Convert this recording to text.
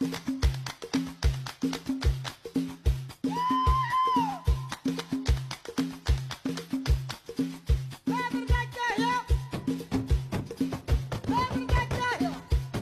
you